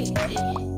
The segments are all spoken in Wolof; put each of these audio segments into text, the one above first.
Yeah.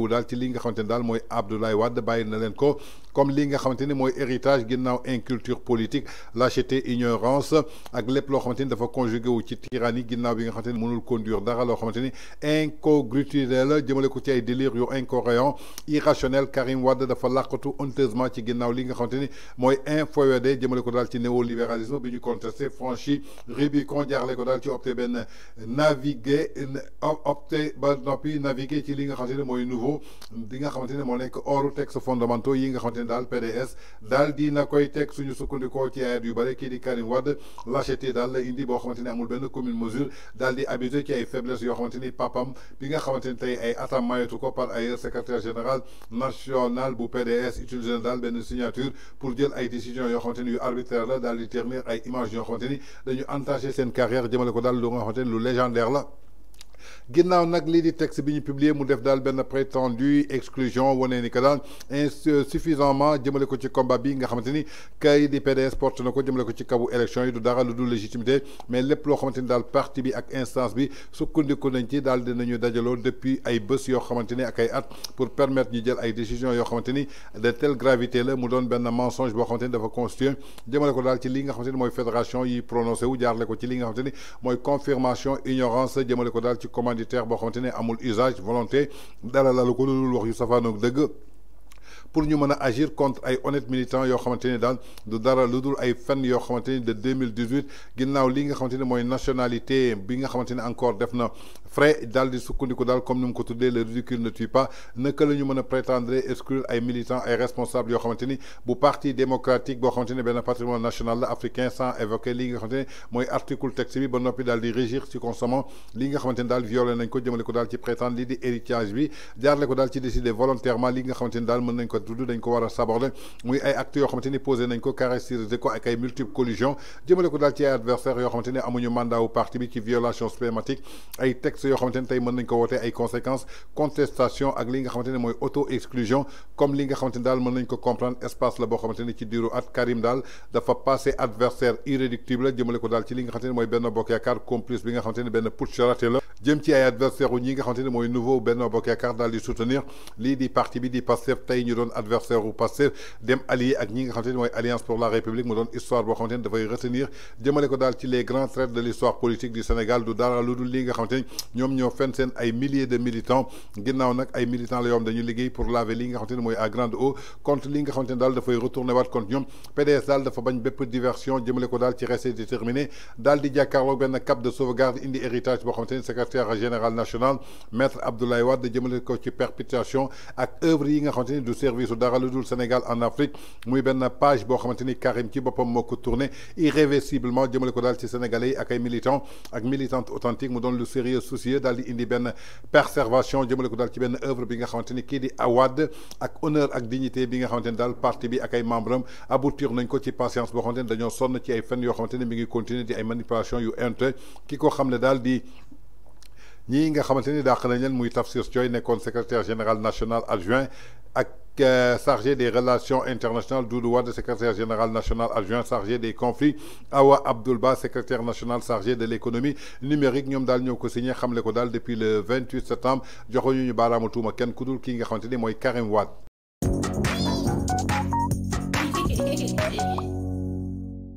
wu daal ci li nga xamante daal mooy Abdoulaye Wade bàyyi na leen ko comme li nga xamanteni moy héritage ginnaw inculture politique lâcheté ignorance ak lepp lo xamanteni dafa conjugué wu ci tyrannie ginnaw bi nga xamanteni mënul conduire dara lo xamanteni ni incongruité la jëmele ko ci ay délire yu incohérent irrationnel Karim Wade dafa làqatu honteusement ci ginnaw li nga xamanteni moy mooy jëmele ko dal ci néolibéralisme bi ñu contesté franchi Rubicon le ko dal ci opté ben naviguer opté ba noppi navigué ci li nga xamanteni moy nouveau di nga xamanteni mo nek nekk hors texte fondamentaux yi nga xamante dans le PDS Daldi di na koy été suñu sukkandikoo ci ay yu qui di Karim Wade l'acheté dans la indi boo xamante ni amul benn commune mesure Daldi di abusé ci ay faiblesse yoo xamante papam bi nga xamante ni ay atam par ailleurs secrétaire général national bu PDS utilisé dans daal signature pour dire ay une décision. continue arbitraire la dans di terminer ay image. yoo xamante dañu carrière de ko daal lu légendaire là ginnaw nak li di texte biñu publier mu def dal ben prétendu exclusion woné ni ka dal insuffisamment jëmele ko ci combat bi nga xamanteni kay di PDS porte nako jëmele ko ci kabu élection yi du dara lu du légitimité mais lepp lo xamanteni dal parti bi ak instance bi sukkandiku nañ ci dal dinañu dajaloo depuis ay bëss yo xamanteni ak ay at pour permettre ñu jël ay décision yo xamanteni de telle gravité la mu doon ben mensonge bo xamanteni dafa constitué jëmele ko dal ci li nga xamanteni moy fédération yi prononcé wu jaarale ko ci li nga xamanteni moy confirmation ignorance jëmele ko dal ci commande commanditaire boo xamante ne amul usage volonté dara la ko lu wax yu safaanoog deug pour ñu mën agir contre ay honnêtes militants yo xamante dal du dara lu dul ay fen yo xamante de 2018 ginnaw li nga xamante moy nationalité bi nga xamante encore def na frais daal di sukkandiku comme ni ko tuddee le ridicule ne tue pas naka la ñu mën a prétendre exclure ay militants ay responsables yoo xamante ni bu parti démocratique boo xamante ni benn patrimoine national la africain sans évoquer li nga xamante ni mooy article texte bi ba noppi dal di régir ci consommant li nga xamante ni daal violé nañ ko jëmale ko daal ci prétendre li di héritage bi jaarle ko daal ci décider volontairement li nga xamante ni daal mën nañ ko tudd dañ ko war a saborder muy ay actes yoo xamante ni posé nañ ko caractérisé ko ak ay multiples collisions jëmale ko daal ci ay adversaires yoo xamante ni amuñu mandat wu parti bi ci violation systématique ay texte texte yoo xamante ne tey nañ ko wootee ay conséquences contestation ak li nga xamante moy auto exclusion comme li nga xamante dal meun mën nañ ko comprendre espace la bo xamante ci diiru at Karim daal dafa passer adversaire irréductible jëmale ko dal ci li nga xamante moy benn bokk yaakaar complice bi nga xamante benn putsch raté la jëm ci ay adversaire ñi nga xamante ne mooy nouveau Benno Bokk daal di soutenir lii di parti bi di Pastef tey ñu doon adversaire u Pastef dem allié ak ñi nga xamante ne mooy Alliance pour la République mu doon histoire boo xamante ne dafay retenir jëmale ko daal ci les grands traits de l'histoire politique du Sénégal du dara lu dul li nga xamante ne ñoom ñoo fen seen ay milliers de militants ginnaaw nag ay militants la yoom dañu liggéey pour laver li nga xamante ne mooy à grande eau contre li nga xamante ne daal dafay retourner waat contre ñoom PDS daal dafa bañ bépp diversion jëmale ko daal ci rester déterminé daal di jàkkaarloo benn cap de sauvegarde indi héritage boo xamante ne général national maître Abdoulaye Wade de ko ci perpétuation ak œuvre yi nga et ni du service dara dul Sénégal en Afrique muy la page boo xamante Karim ci va moo ko irréversiblement jëmale ko daal ci sénégalais avec ak ay militants ak militantes authentiques nous donnent le sérieux souci d'aller di perservation j'ai persévération le ko daal ci benn œuvre bi nga xamante avec Wade honneur ak dignité bi nga xamante ni parti bi ak membres aboutir nañ ko ci patience pour xamante dans une sonn ci ay fen mi manipulation yu inte ki ko le ñii nga xamante ni dàq nañ muy Tafsir secrétaire général national adjoint ak euh, chargé des relations internationales Doudou Wade secrétaire général national adjoint chargé des conflits Awa Abdulba secrétaire national chargé de l'économie numérique ñoom daal ñoo ko signé xamle ko depuis le 28 septembre joxuñu ñu baaraamu tuuma kenn ku dul nga xamante Karim Wade.